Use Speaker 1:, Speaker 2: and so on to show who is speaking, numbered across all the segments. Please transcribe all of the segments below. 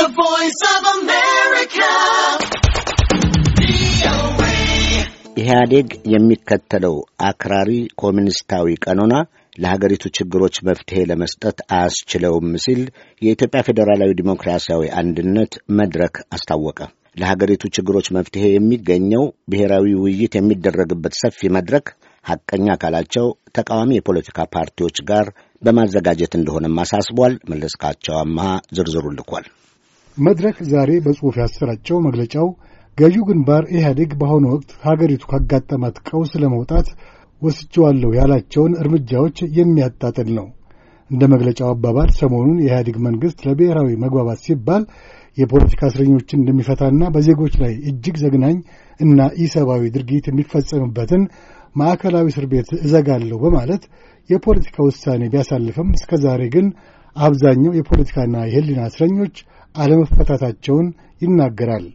Speaker 1: The Voice of America. ኢህአዴግ የሚከተለው አክራሪ ኮሚኒስታዊ ቀኖና ለሀገሪቱ ችግሮች መፍትሄ ለመስጠት አያስችለውም ሲል የኢትዮጵያ ፌዴራላዊ ዲሞክራሲያዊ አንድነት መድረክ አስታወቀ። ለሀገሪቱ ችግሮች መፍትሄ የሚገኘው ብሔራዊ ውይይት የሚደረግበት ሰፊ መድረክ ሐቀኛ አካላቸው ተቃዋሚ የፖለቲካ ፓርቲዎች ጋር በማዘጋጀት እንደሆነም አሳስቧል። መለስካቸው አመሃ ዝርዝሩ ልኳል።
Speaker 2: መድረክ ዛሬ በጽሑፍ ያሰራጨው መግለጫው ገዢው ግንባር ኢህአዴግ በአሁኑ ወቅት ሀገሪቱ ካጋጠማት ቀውስ ለመውጣት ወስጀዋለሁ ያላቸውን እርምጃዎች የሚያጣጥል ነው። እንደ መግለጫው አባባል ሰሞኑን የኢህአዴግ መንግሥት ለብሔራዊ መግባባት ሲባል የፖለቲካ እስረኞችን እንደሚፈታና በዜጎች ላይ እጅግ ዘግናኝ እና ኢሰብአዊ ድርጊት የሚፈጸምበትን ማዕከላዊ እስር ቤት እዘጋለሁ በማለት የፖለቲካ ውሳኔ ቢያሳልፍም እስከ ዛሬ ግን አብዛኛው የፖለቲካና የህሊና እስረኞች አለመፈታታቸውን ይናገራል።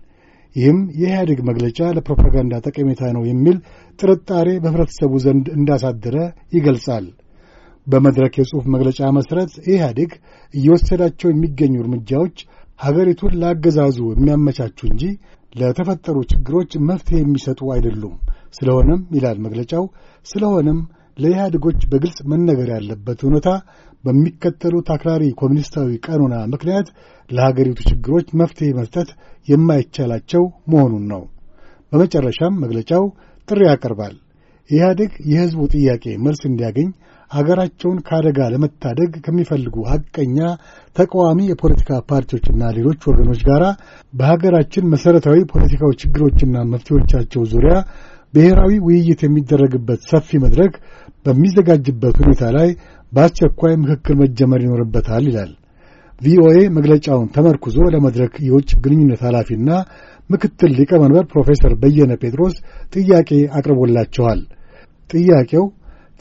Speaker 2: ይህም የኢህአዴግ መግለጫ ለፕሮፓጋንዳ ጠቀሜታ ነው የሚል ጥርጣሬ በህብረተሰቡ ዘንድ እንዳሳደረ ይገልጻል። በመድረክ የጽሑፍ መግለጫ መሠረት ኢህአዴግ እየወሰዳቸው የሚገኙ እርምጃዎች ሀገሪቱን ለአገዛዙ የሚያመቻቹ እንጂ ለተፈጠሩ ችግሮች መፍትሄ የሚሰጡ አይደሉም። ስለሆነም ይላል መግለጫው፣ ስለሆነም ለኢህአዴጎች በግልጽ መነገር ያለበት እውነታ በሚከተሉት አክራሪ ኮሚኒስታዊ ቀኖና ምክንያት ለሀገሪቱ ችግሮች መፍትሄ መስጠት የማይቻላቸው መሆኑን ነው። በመጨረሻም መግለጫው ጥሪ ያቀርባል። ኢህአዴግ የሕዝቡ ጥያቄ መልስ እንዲያገኝ አገራቸውን ከአደጋ ለመታደግ ከሚፈልጉ ሐቀኛ ተቃዋሚ የፖለቲካ ፓርቲዎችና ሌሎች ወገኖች ጋር በሀገራችን መሠረታዊ ፖለቲካዊ ችግሮችና መፍትሄዎቻቸው ዙሪያ ብሔራዊ ውይይት የሚደረግበት ሰፊ መድረክ በሚዘጋጅበት ሁኔታ ላይ በአስቸኳይ ምክክር መጀመር ይኖርበታል ይላል። ቪኦኤ መግለጫውን ተመርኩዞ ለመድረክ የውጭ ግንኙነት ኃላፊና ምክትል ሊቀመንበር ፕሮፌሰር በየነ ጴጥሮስ ጥያቄ አቅርቦላቸዋል። ጥያቄው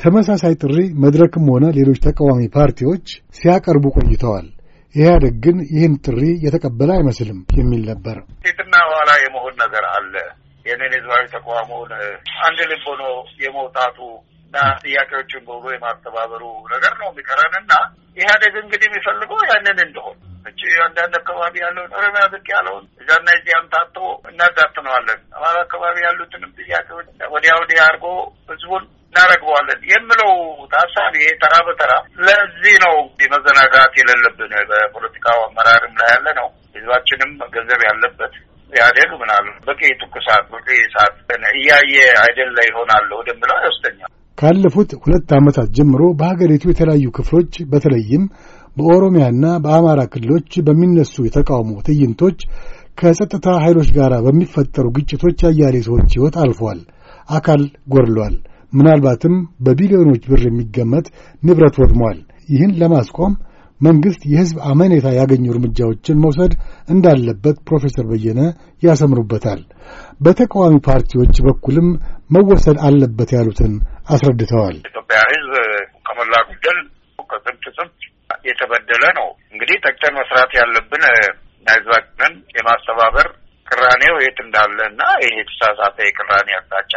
Speaker 2: ተመሳሳይ ጥሪ መድረክም ሆነ ሌሎች ተቃዋሚ ፓርቲዎች ሲያቀርቡ ቆይተዋል። ኢህአደግ ግን ይህን ጥሪ የተቀበለ አይመስልም የሚል ነበር።
Speaker 1: ሴትና ኋላ የመሆን ነገር አለ ይህንን ህዝባዊ ተቋሙን አንድ ልብ ሆኖ የመውጣቱ እና ጥያቄዎችን በሁሉ የማስተባበሩ ነገር ነው የሚቀረን እና ኢህአዴግ እንግዲህ የሚፈልገው ያንን እንደሆን እች አንዳንድ አካባቢ ያለውን ኦሮሚያ ብቅ ያለውን እዛና እዚህ አምታቶ እናዳትነዋለን፣ አማራ አካባቢ ያሉትንም ጥያቄዎች ወዲያ ወዲህ አድርጎ ህዝቡን እናደርገዋለን የምለው ታሳቢ ተራ በተራ ለዚህ ነው መዘናጋት የሌለብን በፖለቲካው አመራርም ላይ ያለ ነው ህዝባችንም ገንዘብ ያለበት ኢህአዴግ ምናል በቂ ትኩሳት፣ በቂ ሳት እያየ አይደለ ይሆናለሁ ወደም አይወስደኛል።
Speaker 2: ካለፉት ሁለት ዓመታት ጀምሮ በሀገሪቱ የተለያዩ ክፍሎች በተለይም በኦሮሚያና በአማራ ክልሎች በሚነሱ የተቃውሞ ትዕይንቶች ከጸጥታ ኃይሎች ጋር በሚፈጠሩ ግጭቶች አያሌ ሰዎች ሕይወት አልፏል፣ አካል ጎድሏል፣ ምናልባትም በቢሊዮኖች ብር የሚገመት ንብረት ወድሟል። ይህን ለማስቆም መንግሥት የሕዝብ አመኔታ ያገኙ እርምጃዎችን መውሰድ እንዳለበት ፕሮፌሰር በየነ ያሰምሩበታል። በተቃዋሚ ፓርቲዎች በኩልም መወሰድ አለበት ያሉትን አስረድተዋል።
Speaker 1: ኢትዮጵያ ሕዝብ ከሞላ ጎደል ከስንት ስንት የተበደለ ነው። እንግዲህ ተግተን መስራት ያለብን ህዝባችንን የማስተባበር ቅራኔው የት እንዳለ እና ይህ የተሳሳተ የቅራኔ አቅጣጫ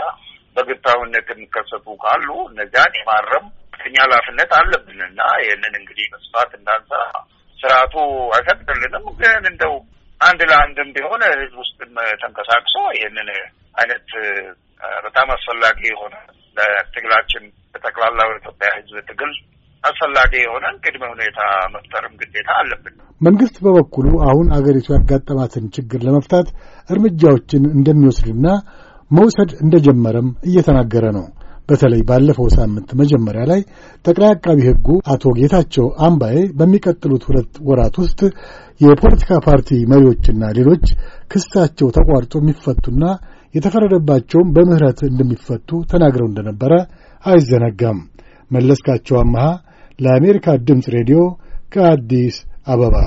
Speaker 1: በግታዊነት የሚከሰቱ ካሉ እነዚያን የማረም ከፍተኛ ኃላፊነት አለብን እና ይህንን እንግዲህ መስፋት እንዳንሰራ ስርዓቱ አይፈቅድልንም። ግን እንደው አንድ ለአንድም ቢሆን ህዝብ ውስጥም ተንቀሳቅሶ ይህንን አይነት በጣም አስፈላጊ የሆነ ለትግላችን በጠቅላላው ኢትዮጵያ ህዝብ ትግል አስፈላጊ የሆነ ቅድመ ሁኔታ መፍጠርም ግዴታ አለብን።
Speaker 2: መንግስት በበኩሉ አሁን አገሪቱ ያጋጠማትን ችግር ለመፍታት እርምጃዎችን እንደሚወስድና መውሰድ እንደጀመረም እየተናገረ ነው። በተለይ ባለፈው ሳምንት መጀመሪያ ላይ ጠቅላይ አቃቢ ሕጉ አቶ ጌታቸው አምባዬ በሚቀጥሉት ሁለት ወራት ውስጥ የፖለቲካ ፓርቲ መሪዎችና ሌሎች ክሳቸው ተቋርጦ የሚፈቱና የተፈረደባቸውም በምህረት እንደሚፈቱ ተናግረው እንደነበረ አይዘነጋም። መለስካቸው አመሃ ለአሜሪካ ድምፅ ሬዲዮ ከአዲስ አበባ